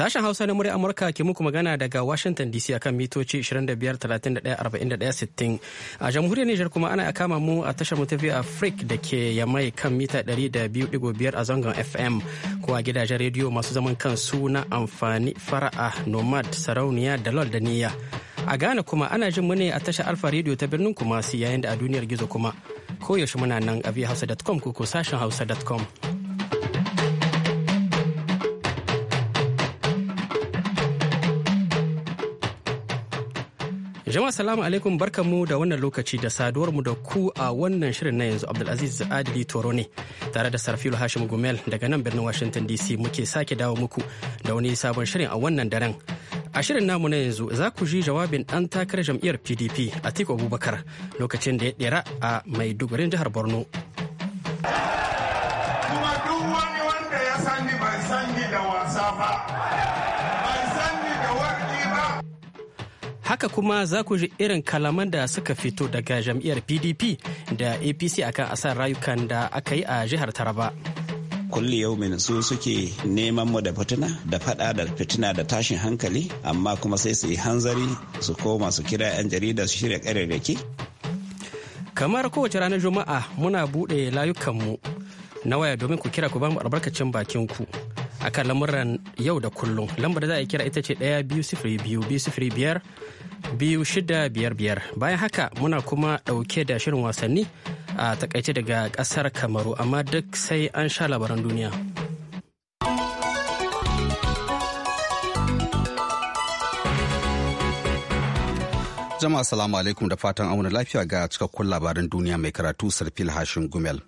Sashen Hausa na murya Amurka ke muku magana daga Washington DC akan mitoci 25 A jamhuriyar Nijar kuma ana kama mu a tashar mu a Afrik da ke yamai kan mita 200.5 a zangon FM ko a gidajen rediyo masu zaman kansu na amfani fara'a Nomad Sarauniya da Lol da Niyya. A Ghana kuma ana jin mu ne a tashar Alfa Radio ta birnin Kumasi yayin da a duniyar gizo kuma koyaushe muna nan a ko sashen hausa.com. Jama'a salamu alaikum mu da wannan lokaci da saduwar mu da ku a wannan shirin na yanzu Abdulaziz Adili Toro ne tare da Sarfilu Hashim Gumel daga nan birnin Washington DC muke sake dawo muku da wani sabon shirin a wannan daren. A shirin namu na yanzu za ku ji jawabin ɗan takarar jam'iyyar PDP Atiku Abubakar lokacin da ya dira a Maiduguri jihar Borno haka kuma za ku ji irin kalaman da suka fito daga jam'iyyar pdp da apc akan asar rayukan da aka yi a jihar taraba kulli min su suke neman mu da fitina da fada da fitina da tashin hankali amma kuma sai su yi hanzari su koma su kira 'yan jarida su shirya ƙararraki kamar kowace ranar juma'a muna buɗe layukanmu na waya domin ku kira ku bamu albarkacin bakin ku akan lamuran yau da kullum lambar da za a kira ita ce ɗaya biyu sifiri biyu biyu sifiri biyar biyu shida biyar biyar bayan haka muna kuma ɗauke da shirin wasanni a takaice daga ƙasar kamaru amma duk sai an sha labaran duniya. Jama'a salamu alaikum da fatan auna lafiya ga cikakkun labaran duniya mai karatu Sarfil Hashin Gumel.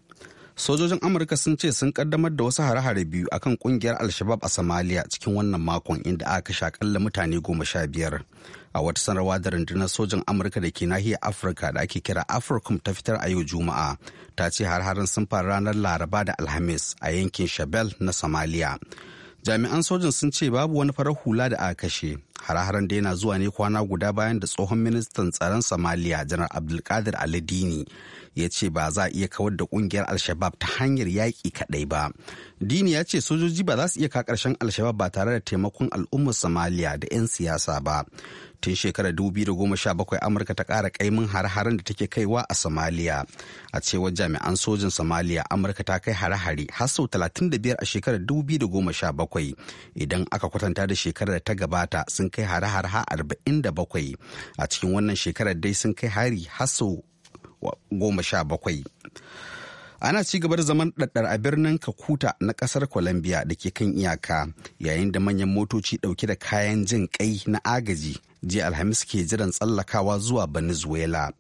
sojojin amurka sun ce sun kaddamar da wasu hare-hare biyu akan kungiyar alshabab a somalia cikin wannan makon inda aka kashe akalla mutane goma sha biyar a wata sanarwa da rundunar sojin amurka da ke nahiyar afirka da ake kira africom ta fitar a yau juma'a ta ce har-haren sun faru ranar laraba da alhamis a yankin shabel na somalia jami'an sojin sun ce babu wani farar hula da aka kashe hare-haren da yana zuwa ne kwana guda bayan da tsohon ministan tsaron somalia janar abdulkadir alidini ya ce ba za a iya kawar da kungiyar alshabab ta hanyar yaƙi kaɗai ba dini ya ce sojoji ba za su iya ka ƙarshen alshabab ba tare da taimakon al'ummar Somalia da 'yan siyasa ba tun shekarar 2017 amurka ta ƙara ƙaimin har-haren da take kaiwa a Somalia. a cewar jami'an sojin Somalia amurka ta kai hare-hare har sau biyar a shekarar 2017 idan aka kwatanta da shekarar da ta gabata sun kai hare-hare bakwai. a cikin wannan shekarar dai sun kai hari har sau goma ana ci gaba da zaman ɗaɗɗar a birnin kakuta na ƙasar colombia da ke kan iyaka yayin da manyan motoci ɗauke da kayan jin ƙai na agaji jiya alhamis ke jiran tsallakawa zuwa venezuela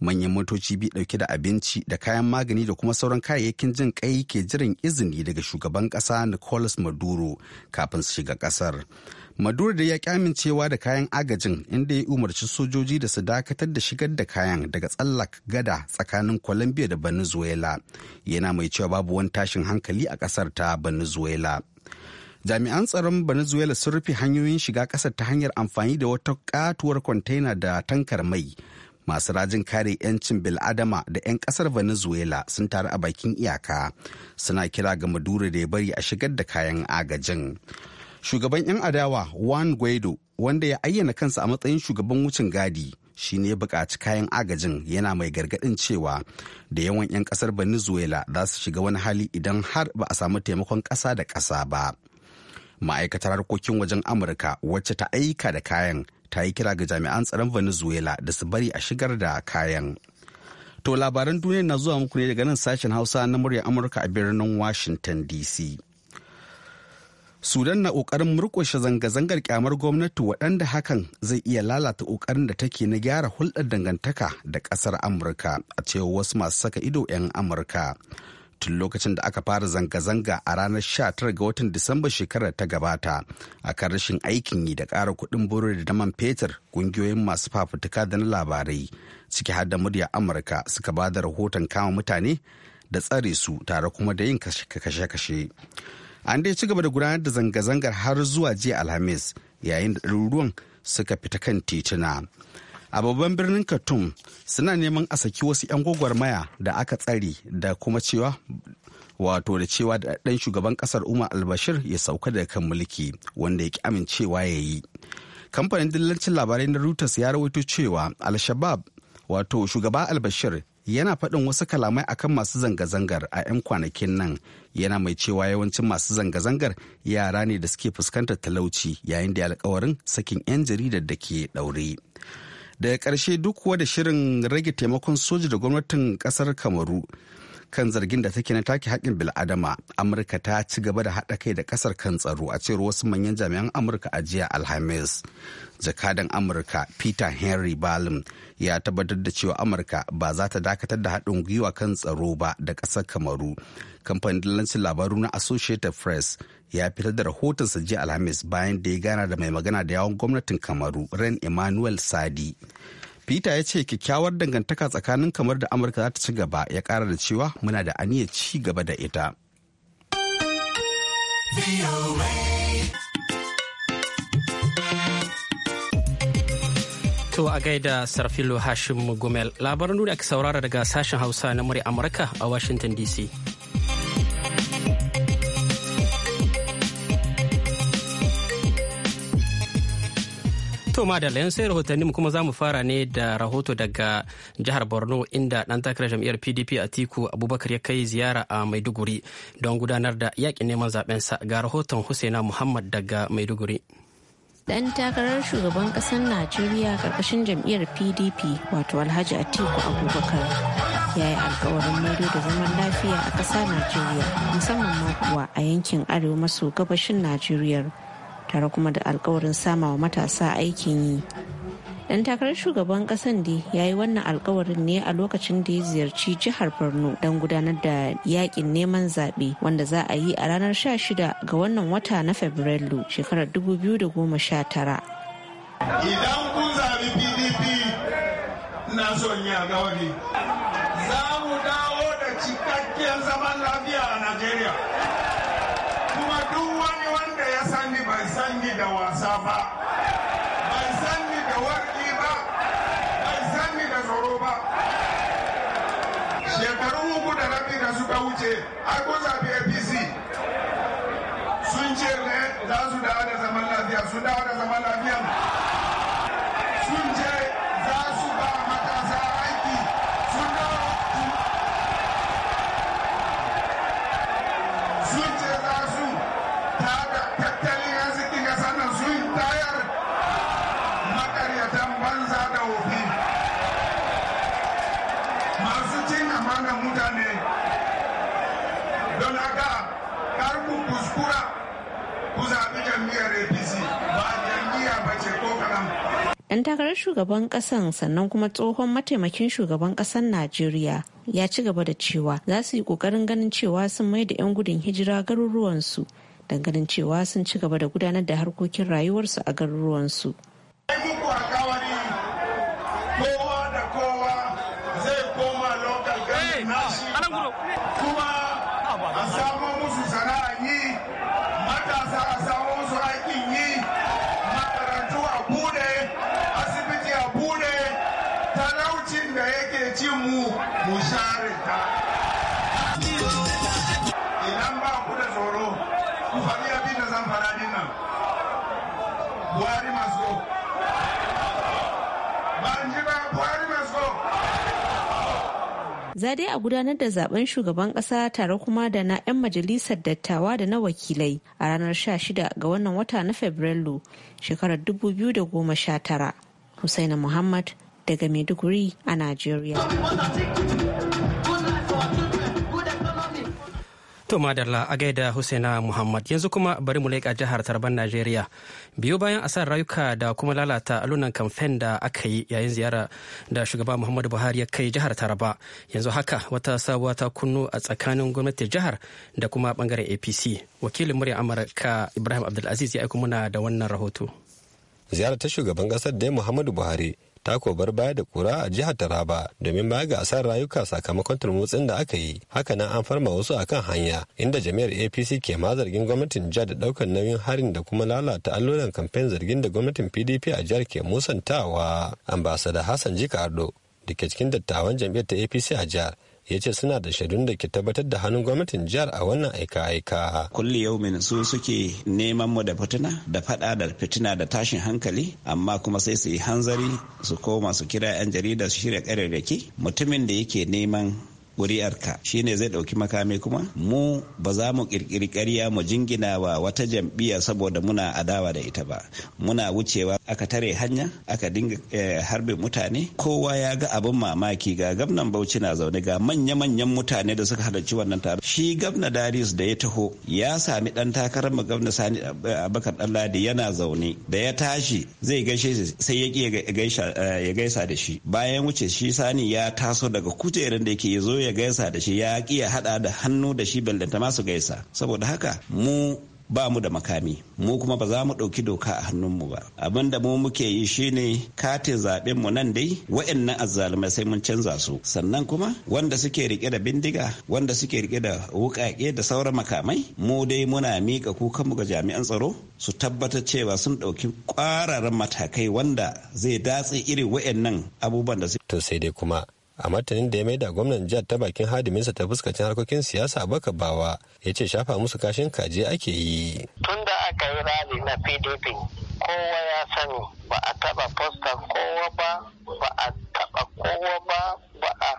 manyan motoci bi ɗauke da abinci da kayan magani da kuma sauran kayayyakin jin ƙai ke jiran izini daga shugaban ƙasa nicolas maduro kafin su shiga ƙasar maduro da ya ki amincewa da kayan agajin inda ya umarci sojoji da su dakatar da shigar da kayan daga tsallak gada tsakanin colombia da venezuela yana mai cewa babu wani tashin hankali a ƙasar ta venezuela jami'an tsaron venezuela sun rufe hanyoyin shiga kasar ta hanyar amfani da wata katuwar kwantaina da tankar mai masu rajin kare 'yancin bil'adama da 'yan ƙasar venezuela sun taru a bakin iyaka suna kira ga maduro da ya bari a shigar da kayan agajin shugaban 'yan adawa juan guaido wanda ya ayyana kansa a matsayin shugaban wucin gadi shi ne buƙaci kayan agajin yana mai gargaɗin cewa da yawan 'yan ƙasar venezuela za su shiga wani hali idan har ba a samu taimakon ƙasa da ƙasa ba ma'aikatar harkokin wajen amurka wacce ta aika da kayan ta yi kira ga jami'an tsaron venezuela da su bari a shigar da kayan to labaran duniya na zuwa muku ne daga nan sashen hausa na murya amurka a birnin washington dc sudan na ƙoƙarin murƙushe zanga-zangar kyamar gwamnati waɗanda hakan zai iya lalata ƙoƙarin da take na gyara hulɗar dangantaka da ƙasar amurka a cewa wasu masu saka ido 'yan amurka tun lokacin da aka fara zanga-zanga a ranar 19 ga watan disamba shekarar ta gabata a kan rashin aikin yi da ƙara kuɗin buru da naman fetur ƙungiyoyin masu fafutuka da na labarai ciki har da murya amurka suka ba da rahoton kama mutane da tsare su tare kuma da yin kashe-kashe an dai ci gaba da gudanar da zanga-zangar har zuwa jiya alhamis yayin da ɗaruruwan suka fita kan tituna a babban birnin khartoum suna neman a saki wasu 'yan gwagwarmaya da aka tsare da kuma cewa wato da cewa da ɗan shugaban ƙasar umar albashir ya sauka daga kan mulki wanda ya ki amincewa ya yi kamfanin dillancin labarai na reuters ya rawaito cewa al-shabab wato shugaba albashir yana faɗin wasu kalamai akan masu zanga-zangar a 'yan kwanakin nan yana mai cewa yawancin masu zanga-zangar yara ne da suke fuskantar talauci yayin da alkawarin sakin 'yan jaridar da ke ɗaure daga ƙarshe duk da shirin rage taimakon soji da gwamnatin ƙasar kamaru kan zargin da take na take haƙƙin bil'adama amurka ta ci gaba da haɗa kai da ƙasar kan tsaro a cewar wasu manyan jami'an amurka a jiya alhamis jakadan amurka peter henry balin ya tabbatar da cewa amurka ba za ta dakatar da haɗin gwiwa kan tsaro ba da ƙasar kamaru kamfanin dillancin labaru na associated press ya fitar da rahotonsa jiya alhamis bayan da ya gana da mai magana da yawon gwamnatin kamaru ren emmanuel sadi Peter ya ce kyakkyawar dangantaka tsakanin kamar da Amurka za ta ci gaba ya kara da cewa muna da aniyar ci gaba da ita. To a gaida Sarfilo Hashim Gumel labarin duniya aka saurara daga sashen Hausa na murya Amurka a Washington DC. To madalla sai rahotanni kuma za mu fara ne da rahoto daga jihar Borno inda dan takarar jam'iyyar PDP a tiku Abubakar ya kai ziyara a Maiduguri don gudanar da yakin neman zaben sa ga rahoton Husaina Muhammad daga Maiduguri. dan takarar shugaban kasar najeriya karkashin jam'iyyar pdp wato alhaji atiku abubakar ya yi alkawarin maido da zaman lafiya a ƙasar najeriya musamman ma kuwa a yankin arewa maso gabashin najeriya tare kuma da alkawarin sama wa matasa aikin yi dan takarar shugaban kasan da ya yi wannan alkawarin ne a lokacin da ya ziyarci jihar borno don gudanar da yakin neman zaɓe wanda za a yi a ranar 16 ga wannan wata na fabrairu shekarar 2019 idan kun zaɓi pdp na son ya za mu dawo da cikakken zaman lafiya a najeriya Ban bai sanni da warki ba bai sanni da tsoro ba shekaru uku da rabi da suka wuce har ko zafi apc sun ce ne za su dawo da zaman lafiya su dawo da zaman lafiya takarar shugaban kasan sannan kuma tsohon mataimakin shugaban kasan najeriya ya ci gaba da cewa za su yi kokarin ganin cewa sun mai da 'yan gudun hijira garuruwansu ganin cewa sun ci gaba da gudanar da harkokin rayuwarsu a garuruwansu. a samu musu sana'a yi za dai a gudanar da zaben shugaban kasa tare kuma da na 'yan majalisar dattawa da na wakilai a ranar 16 ga wannan wata na fabrairu shekarar 2019 husaina muhammad daga maiduguri a najeriya To madalla a gaida Husaina Muhammad yanzu kuma bari mu leƙa jihar Tarban Najeriya. biyu bayan asar rayuka da kuma lalata alunan kamfen da aka yi yayin ziyara da shugaba Muhammadu Buhari ya kai jihar Taraba. Yanzu haka wata sabuwa ta kunno a tsakanin gwamnatin jihar da kuma bangaren APC. Wakilin murya Amurka Ibrahim Abdulaziz ya aiko muna da wannan rahoto. Ziyarar ta shugaban ƙasar dai Muhammadu Buhari ta kobar baya da kura a jihar Taraba domin baya ga asar rayuka sakamakon turmutsin da aka yi. Haka Hakanan an farma wasu akan hanya inda jami'ar APC ke ma zargin gwamnatin jihar da daukan nauyin harin da kuma lalata allolan kamfen zargin da gwamnatin PDP a jihar ke musantawa. Ambasada Hassan Jika Ardo da ke cikin dattawan jam'iyyar ta APC a jihar ya ce suna da shaidun da ke tabbatar da hannun gwamnatin jihar a wannan aika-aika. Kulli yau min su suke neman mu da fitina da fada da fitina da tashin hankali amma kuma sai su yi hanzari su koma su kira 'yan jarida su shirya ƙararraki mutumin da yake neman ƙuri'arka shine zai ɗauki makami kuma mu ba za mu ƙirƙiri ƙarya mu jingina wa wata jam'iyya saboda muna adawa da ita ba muna wucewa aka tare hanya aka dinga eh, harbin mutane kowa ya ga abin mamaki ga gamnan bauchi na zaune ga manya-manyan mutane da suka halarci wannan taron. shi gwamna darius da ya taho ya sami dan takarar mu gwamna sani eh, abakar ɗanladi yana zaune da ya tashi zai gaishe sai ya eh, ya gaisa da shi bayan wuce shi sani ya taso daga kujerar da yake yazo ya gaisa da shi ya ki ya hada da hannu da shi bellanta ma su gaisa saboda haka mu ba mu da makami mu kuma ba za mu ɗauki doka a hannun mu ba abin da mu muke yi shine katin zaɓen mu nan dai wa'annan azzalumai sai mun canza su sannan kuma wanda suke rike da bindiga wanda suke rike da wuƙaƙe da sauran makamai mu dai muna miƙa kukanmu ga jami'an tsaro su tabbatar cewa sun ɗauki ƙwararren matakai wanda zai datse irin wa'annan abubuwan da su. to sai dai kuma a martanin da ya mai da gwamnan jihar ta bakin hadiminsa ta fuskacin harkokin siyasa baka bawa ya ce shafa musu kashin kaji ake yi tun da aka yi rali na pdp kowa ya sani ba a taba fosta kowa ba ba a taba kowa ba ba a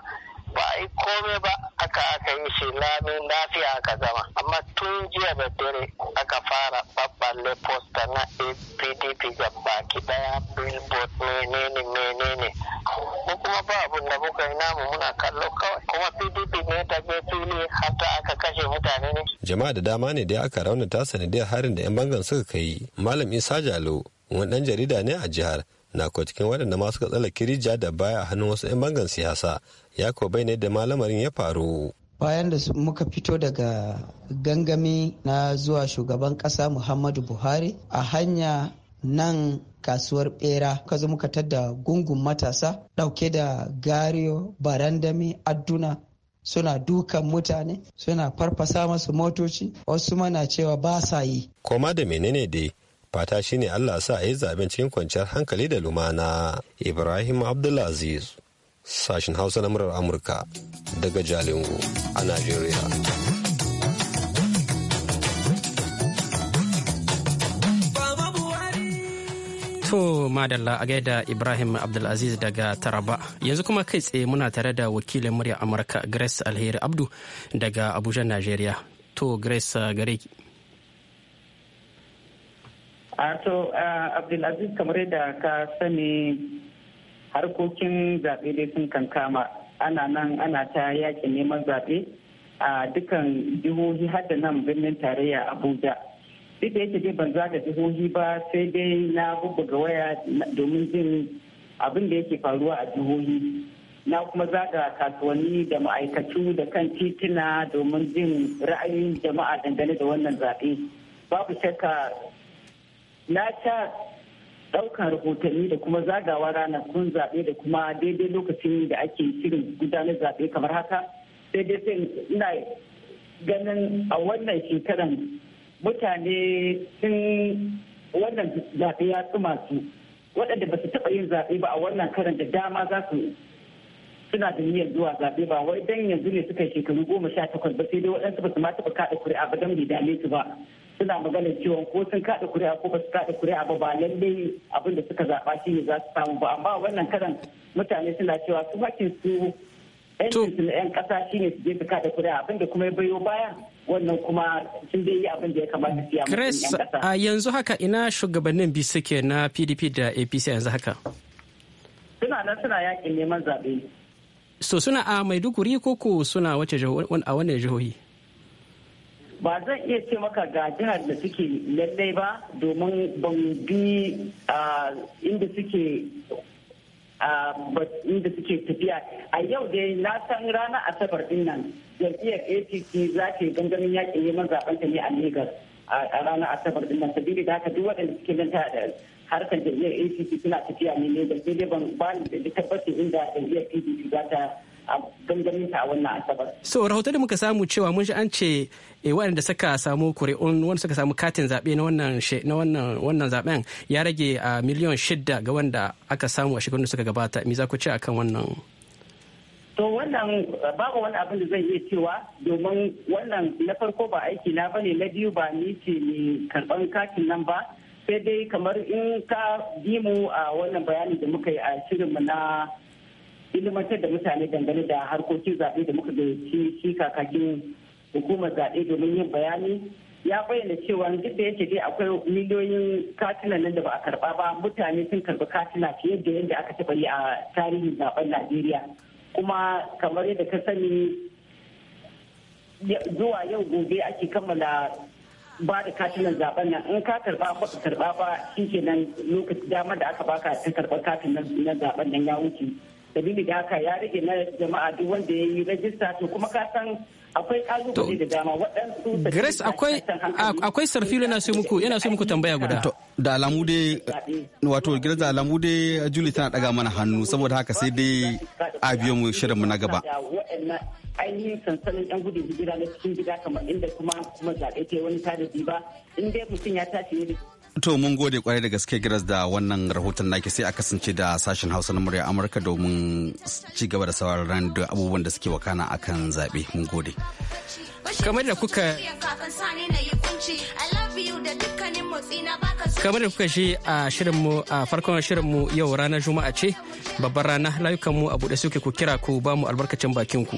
ba a yi kome ba aka aka yi shi lami lafiya aka zama amma tun jiya da dare aka fara babballe posta na pdp ga baki daya billboard menene menene ko kuma ba abun da muka yi namu muna kallo kawai kuma pdp ne ta je fili hatta aka kashe mutane ne jama'a da dama ne dai aka raunata sanadiyar harin da 'yan bangan suka kai malam isa jalo wani dan jarida ne a jihar na ko waɗanda masu suka tsala kirija da baya a hannun wasu 'yan bangan siyasa ya ko bai ne da malamarin ya faru bayan da muka fito daga gangami na zuwa shugaban kasa muhammadu buhari a hanya nan kasuwar bera ka zo muka tadda gungun matasa dauke da gariyo barandami adduna suna dukan mutane suna farfasa masu motoci wasu mana cewa ba sa yi koma da menene dai fata shine allah sa a yi zaben cikin kwanciyar hankali da lumana ibrahim abdulaziz sashen hausa na murar amurka daga jalingo a najeriya to madalla a gaida ibrahim abdulaziz daga taraba yanzu kuma kai tsaye muna tare da wakilin murya amurka grace alheri abdu daga abuja najeriya to grace uh, gare a to uh, abdulaziz kamar yadda ka sani harkokin zaɓe dai sun kankama ana nan ana ta yakin neman zaɓe a dukkan jihohi har da nan birnin tarayya abuja duk da yake dai ban zaga jihohi ba sai dai na bubbuga waya domin jin abin da yake faruwa a jihohi na kuma zaga kasuwanni da ma'aikatu da kan tituna domin jin ra'ayin jama'a dangane da wannan zaɓe babu shakka na ta ɗaukar rahotanni da kuma zagawa kun zaɓe da kuma daidai lokacin da ake shirin gudanar zaɓe kamar haka sai dai sai ina ganin a wannan shekaran mutane sun wannan zaɓe ya tsuma su waɗanda ba su taɓa yin zaɓe ba a wannan karan da dama za su suna da niyyar zuwa zaɓe ba wai dan yanzu ne suka shekaru goma sha takwas ba sai dai waɗansu ba su ma taɓa kaɗa kuri'a ba don bai dame su ba suna magana cewa ko sun kaɗa kuri'a ko ba su kaɗa kuri'a ba ba lalle abin da suka zaɓa shi ne za su samu ba amma wannan karan mutane suna cewa su hakin su yancin na yan ƙasa shi ne su je su kaɗa kuri'a abin da kuma ya bayo baya wannan kuma sun dai yi abin da ya kamata su yi a a yanzu haka ina shugabannin bi suke na PDP da APC yanzu haka. Suna nan suna yakin neman zaɓe. So suna a Maiduguri ko ko suna wace a wannan jihohi? ba zan iya ce maka ga jihar da suke lallai ba domin ban bi inda suke inda suke tafiya a yau dai na san ranar asabar din nan jam'iyyar apc za ta yi gangamin yakin neman zaben ta ne a Legas a ranar asabar din nan sabili da haka duk waɗanda suke nan da harkar jam'iyyar apc suna tafiya ne lagos sai dai ban ba ni da tabbacin inda jam'iyyar pdp za ta gangamin a wannan asabar. So rahoton da muka samu cewa mun shi an ce eh, waɗanda suka samu kuri'un wanda suka samu katin zaɓe na wannan zaɓen ya rage a miliyan shida ga wanda aka samu a shekarun da suka gabata me za ku ce akan wannan to wannan babu wani abin da zai iya cewa domin wannan na farko ba aiki na bane na biyu ba ni ce ni karban katin nan ba sai dai kamar in ka bi mu a wannan bayani da muka yi a shirinmu na ilimantar da mutane dangane da harkokin zaɓe da muka gayyaci shi kakakin hukumar zaɓe domin yin bayani ya bayyana cewa duk da yake dai akwai miliyoyin katina nan da ba a karba ba mutane sun karbi katina fiye da yadda aka taɓa yi a tarihin zaben najeriya kuma kamar yadda ka sani zuwa yau gobe ake kammala ba da katinan zaben nan in ka karba ba ka karba ba shi kenan lokacin damar da aka baka ta karɓar katin na zaben nan ya wuce dalili da haka ya rage na jama'a duk wanda ya yi rajista to kuma ka san akwai kalubale da dama waɗansu Grace akwai akwai sarfi yana so muku yana so muku tambaya guda da alamu dai wato Grace da alamu dai Julie tana daga mana hannu saboda haka sai dai a biyo mu shirin mu na gaba ainihin sansanin yan gudun hijira na cikin gida kamar inda kuma kuma zaɓe ke wani tarihi ba in dai mutum ya tashi ne to mun gode kwarai da gaske giras da wannan rahoton naki sai a kasance da sashen hausa na murya amurka domin ci gaba da sauraron da abubuwan da suke wakana akan zaɓe mun gode kamar da kuka kamar shi a shirinmu a farkon shirinmu yau ranar juma'a ce babbar rana layukanmu a buɗe suke ku kira ku ba mu albarkacin bakin ku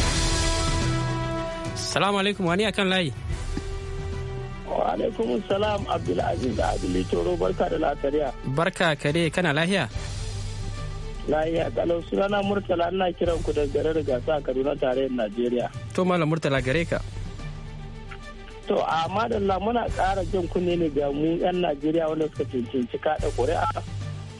salamu alaikum wani akan layi wa alaikum salam abdulaziz da abdulaziz toro barka da latariya barka kare kana lahiya lahiya kalau sunana murtala ina kiran ku da garin gasa kaduna tarayyar najeriya to malam murtala gare ka to a madalla muna ƙara jin kunne ne ga mu 'yan najeriya wanda suka cincinci kaɗa ƙuri'a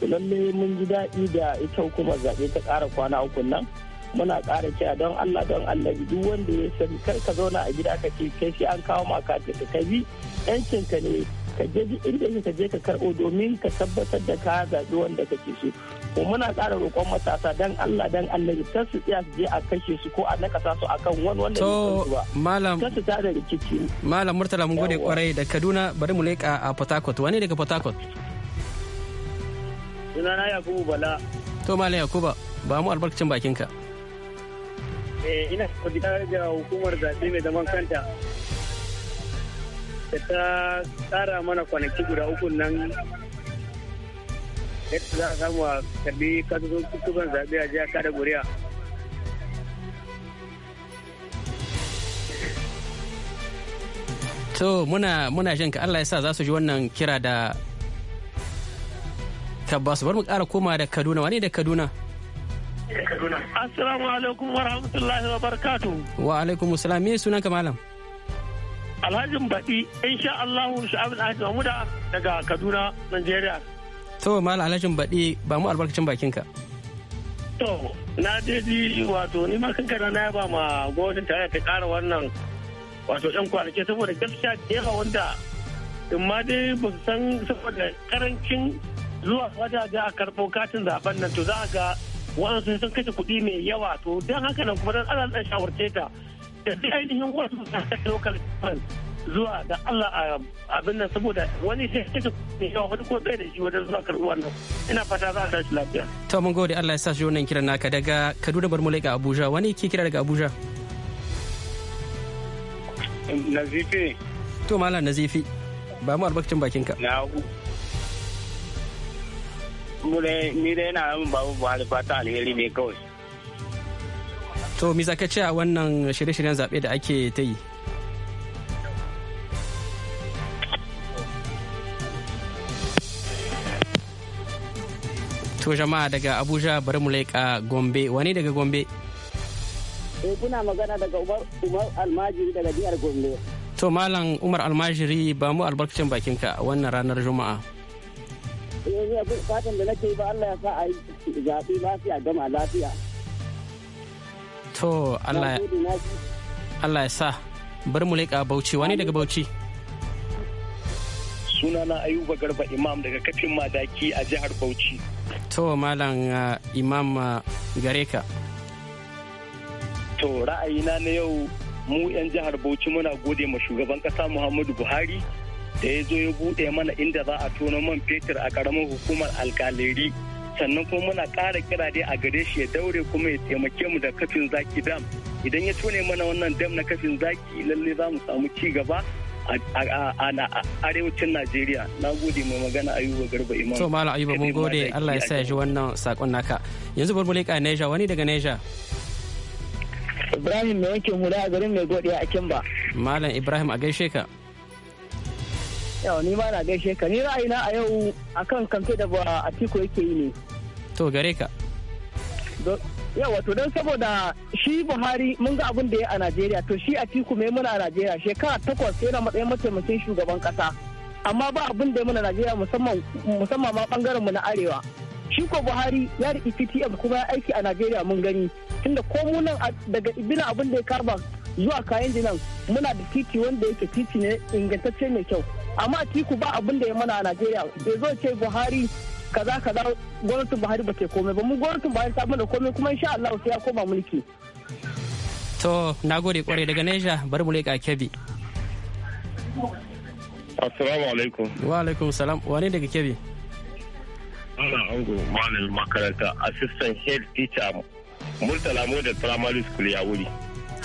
lalle mun ji daɗi da ita hukumar zaɓe ta ƙara kwana uku nan muna ƙara cewa don Allah don annabi duk wanda ya sani kar ka zauna a gida ka ce kai shi an kawo maka ka ka bi yancin ka ne ka je inda ka je ka karɓo domin ka tabbatar da ka zaɓi wanda kake so ko muna ƙara roƙon matasa don Allah don Allah kar su tsaya su je a kashe su ko a nakasa su akan wani wanda su ba malam kar su tada rikici malam murtala mun gode kwarai da Kaduna bari mu leƙa a Port Harcourt wani daga Port Harcourt sunana Yakubu Bala to malam Yakuba ba mu albarkacin bakinka ka Eh, ina godiya da hukumar zaɓe mai zaman kanta da ta tsara mana kwanaki guda uku nan yadda za a samu a karbi kasuwan zaɓe a jiya kada guriya. To muna muna jin ka Allah ya sa za su ji wannan kira da tabbas bar mu ƙara koma da Kaduna wane da Kaduna? Assalamu alaikum wa rahmatullahi wa barakatu. Wa alaikum salam me sunanka malam? Alhajin baɗi insha Allahu sha'abin Alhaji Mahmuda daga Kaduna, Najeriya. To malam Alhaji baɗi ba mu albarkacin bakinka. To na daji wato ni ma kanka na ba ma gwamnatin tare ta ƙara wannan wato yan kwanaki saboda gaskiya da yawa wanda in ma dai ba san saboda karancin zuwa wajaje a karɓo katin zaben nan to za a ga wa'ansu sun kashe kuɗi mai yawa to don haka nan kuma don Allah ɗan shawarce ta da sai ainihin wasu na kashe local zuwa da Allah abin nan saboda wani sai kashe kuɗi mai yawa wani ko tsaye da shi wajen zuwa karɓuwar nan ina fata za a tashi lafiya. to mun gode Allah ya sa shi wannan kiran naka daga Kaduna Barmulai ga Abuja wani ke kira daga Abuja. Nazifi. To Malam Nazifi ba mu albarkacin bakinka. Na ni dai na ramin babu buhari fata alheri ne kawai to mi zaka ce a wannan shirye-shiryen zaɓe da ake ta yi to jama'a daga abuja bari mu laika gombe wani daga gombe eh kuna magana daga umar umar almajiri daga jihar gombe to malam umar almajiri ba mu albarkacin bakinka wannan ranar juma'a yanzu eh, fatan da nake ba Allah ya sa a yi zaɓe lafiya gama lafiya. To Allah ya sa bar mu leƙa Bauchi wani daga Bauchi. Sunana Ayuba Garba Imam daga kafin madaki a jihar Bauchi. To Malam uh, Imam uh, Gareka. To ra'ayina na yau mu 'yan jihar Bauchi muna gode ma shugaban ƙasa Muhammadu Buhari da ya zo ya bude mana inda za a tono man fetur a karamin hukumar alkaleri sannan kuma muna ƙara kira dai a gare shi ya daure kuma ya taimake mu da kafin zaki dam idan ya tone mana wannan dam na kafin zaki lalle za mu samu ci gaba a arewacin Najeriya. Na gode mai magana Ayuba Garba Imam. To Malam Ayuba mun gode Allah ya sa ya ji wannan sakon naka. Yanzu bar mu Neja wani daga Neja. Ibrahim mai yake hula a garin mai godiya a Kimba. Malam Ibrahim a gaishe ka. Yau ni ma na gaishe ka ni ra'ayina a yau akan kamfe da ba a tiko yake yi ne. To gare ka. Yau wato don saboda shi Buhari mun ga abin da ya a Najeriya to shi a tiku mai muna a Najeriya shekara takwas yana matsayin mataimakin shugaban kasa. Amma ba abin da ya muna Najeriya musamman ma bangaren mu na Arewa. Shi ko Buhari ya riƙi PTF kuma ya aiki a Najeriya mun gani tunda ko mu nan daga ibina abin da ya karba zuwa kayan jinan muna da titi wanda yake titi ne ingantacce mai kyau. amma tiku ba abin da ya mana a najeriya bai zo ce buhari kaza kaza gwamnatin buhari ba ke komai ba mu gwamnatin buhari ta mana komai kuma insha allahu sai ya koma mulki to nagode kwarai daga Niger bari mu leka Kebbi Assalamu alaikum. Wa alaikum salam. Wane daga Kebbi? Ana ango malamin makaranta assistant head teacher Murtala da Primary School ya wuri.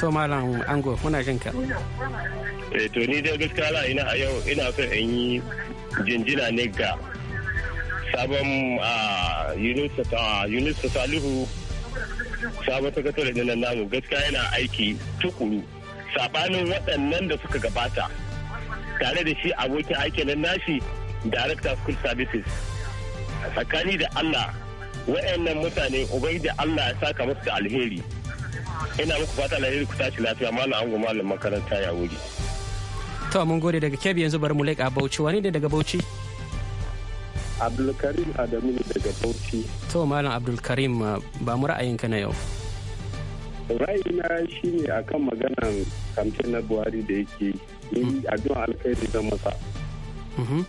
To malam ango muna jin ka. Eh, to ni dai gaskiya ina a yau ina so in yi jinjina ne ga sabon a ta salihu sabon sakatare da nan namu gaskiya yana aiki tukuru sabanin waɗannan da suka gabata tare da shi abokin aiki na nashi director school services tsakani da allah waɗannan mutane ubai da allah ya saka musu da alheri ina muku fata alheri ku tashi lafiya malam ango malam makaranta ya wuri kawo mun gode daga kebi yanzu bari mu leƙa bauchi wani ne daga bauchi abdulkarim adamu ne daga bauchi to malam abdulkarim uh, ba mu ra'ayinka na yau ra'ayina ne akan maganan kamfen na buhari da yake ni hmm. addu'a alkhairi zan masa mm-hmm.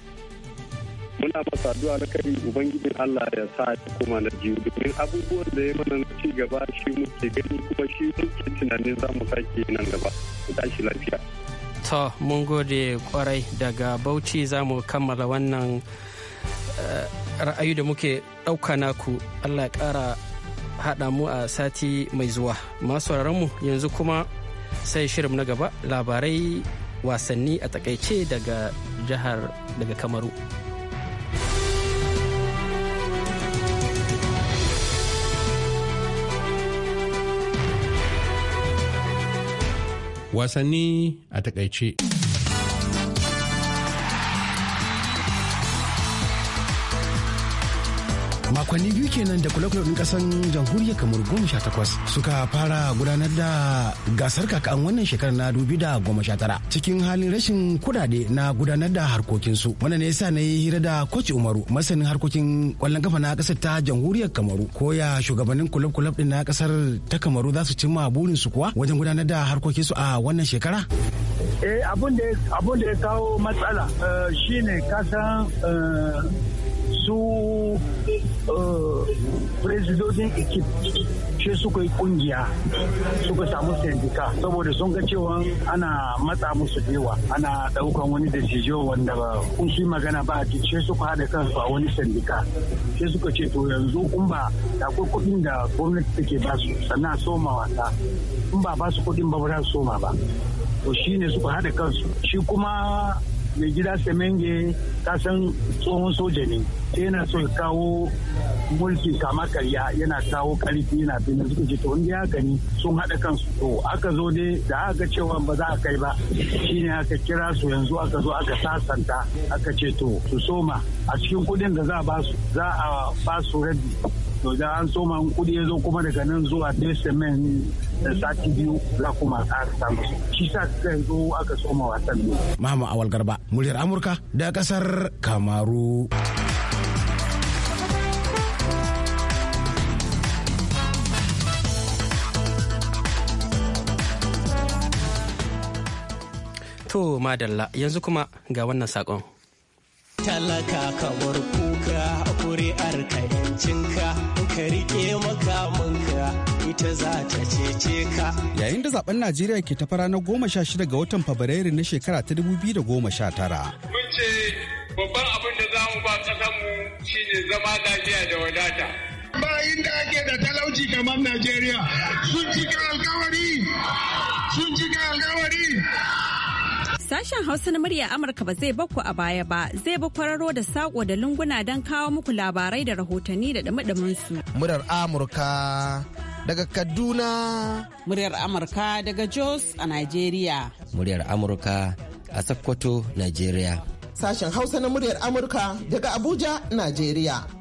muna masa addu'a alkhairi ubangijin allah ya sa ya koma na biyu domin abubuwan da ya mana na ci gaba shi muke gani kuma shi muke tunanin za mu sake nan gaba ku tashi lafiya to mun gode kwarai daga bauchi za mu kammala wannan eh, ra'ayi da muke ɗauka naku allah ya ƙara haɗa mu a sati mai zuwa masu mu yanzu kuma sai shirin na gaba labarai wasanni a takaice daga jihar daga kamaru. wasanni a takaice. makonni biyu kenan da kula-kula kasan jamhuriyar kamar goma sha takwas suka fara gudanar da gasar kakan wannan shekarar na dubi da goma sha tara cikin halin rashin kudade na gudanar da harkokinsu wannan ne yasa na yi hira da koci umaru masanin harkokin kwallon kafa na kasar ta jamhuriyar kamaru koya shugabannin kulab-kulab ɗin na kasar ta kamaru za su cimma burin su kuwa wajen gudanar da harkokinsu a wannan shekara eh abun da ya kawo matsala eh, shine kasan eh, su Eh, presidodin ekip shi suka yi kungiya suka samu sindika saboda sun ga cewa ana matsa musu dewa ana daukan wani dattijo wanda ba kun shi magana ba a shi suka haɗa kansu a wani sindika shi suka ce to yanzu kun ba da kuɗin da gwamnati take ba su sannan soma wasa in ba ba su kuɗin ba ba za su soma ba to shine suka haɗa kansu shi kuma mai gida semenge kasan tsohon soja ne yana so ya kawo mulki kama karya yana kawo karfi yana fina suka ce to ya gani sun haɗa kansu to aka zo dai da aka cewa ba za a kai ba shine aka kira su yanzu aka zo aka sasanta aka ce to su soma a cikin kudin da za a basu za a basu rabi to idan an soma kuɗi ya zo kuma daga nan zuwa desemen eh, sati biyu za kuma a samu shi sa ta zo aka soma wasan ne. Mahama Awal Garba, muryar Amurka da ƙasar Kamaru. To madalla yanzu kuma ga wannan sakon. Talaka kamar ku kuri'ar ka yancinka ka rike makamanka ita za ta cece ka. Yayin da zaben Najeriya ke tafara na goma sha shida ga watan Fabrairu na shekara ta dubu biyu da goma sha tara. Mun ce babban abin da za mu ba mu shine zama lafiya da wadata. Bayin da ake da talauci kamar Najeriya sun cika alkawari sun cika alkawari Sashen Hausa na murya Amurka ba zai bakku a baya ba, zai ba kwararo da sako da lunguna don kawo muku labarai da rahotanni da dumi su. Muryar Amurka daga Kaduna. Muryar Amurka daga Jos a Najeriya. Muryar Amurka a Sokoto, Najeriya. Sashen Hausa na muryar Amurka daga Abuja, Najeriya.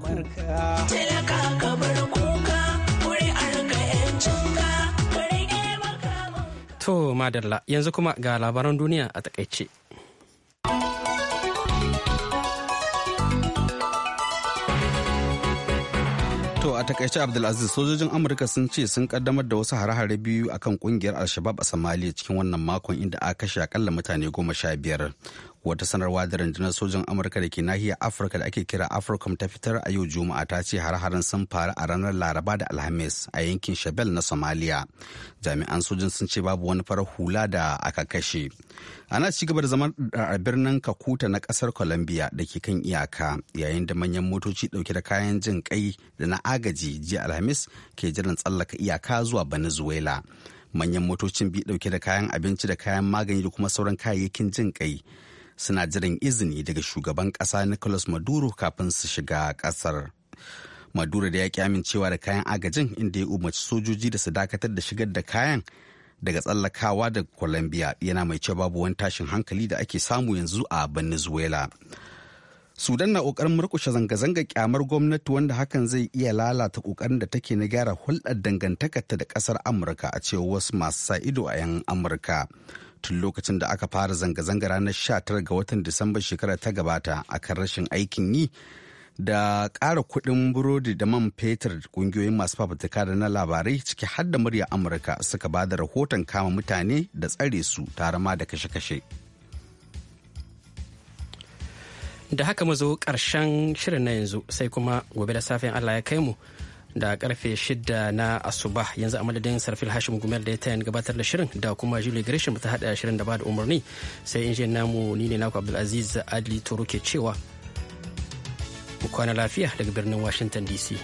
ku. To madalla yanzu kuma ga labaran duniya a takaice. To a takaice Abdulaziz sojojin Amurka sun ce sun kaddamar da wasu hare-hare biyu akan kungiyar Alshabab a Somalia cikin wannan makon inda aka kashe akalla mutane goma sha biyar. wata sanarwa da rundunar sojan amurka da ke nahiyar afirka da ake kira africom ta fitar a yau juma'a ta ce har-haren sun faru a ranar laraba da alhamis a yankin shabel na somalia jami'an sojan sun ce babu wani farar hula da aka kashe ana ci gaba da zama a birnin kakuta na kasar colombia da ke kan iyaka yayin da manyan motoci dauke da kayan jin kai da na agaji jiya alhamis ke jiran tsallaka iyaka zuwa venezuela manyan motocin biyu dauke da kayan abinci da kayan magani da kuma sauran kayayyakin jin kai suna jiran izini daga shugaban kasa nicolas maduro kafin su shiga kasar. maduro da ya ki amincewa da kayan agajin inda ya umarci sojoji da su dakatar da shigar da kayan daga tsallakawa daga colombia yana mai cewa babu wani tashin hankali da ake samu yanzu a venezuela sudan na kokarin murkushe zanga-zanga kyamar gwamnati wanda hakan zai iya lalata kokarin da take na gyara hulɗar dangantakarta da ƙasar amurka a cewa wasu masu sa ido a 'yan amurka tun lokacin da aka fara zanga-zanga ranar 19 ga watan Disamba shekara ta gabata a kan rashin aikin yi da ƙara kuɗin burodi da man fetur ƙungiyoyin masu fafutuka da na labarai ciki har da murya Amurka suka ba da rahoton kama mutane da tsare su tare ma da kashe-kashe. Da haka mu zo ƙarshen shirin na yanzu sai kuma gobe da safiyan Allah ya kai mu. da karfe 6 na asuba yanzu a madadin sarfil hashim gumel da ya tayan gabatar da shirin da kuma julie gresham ta hada shirin da ba da umarni sai injin namu ni ne naku abdulaziz adli toro ke cewa mu kwana lafiya daga birnin washington dc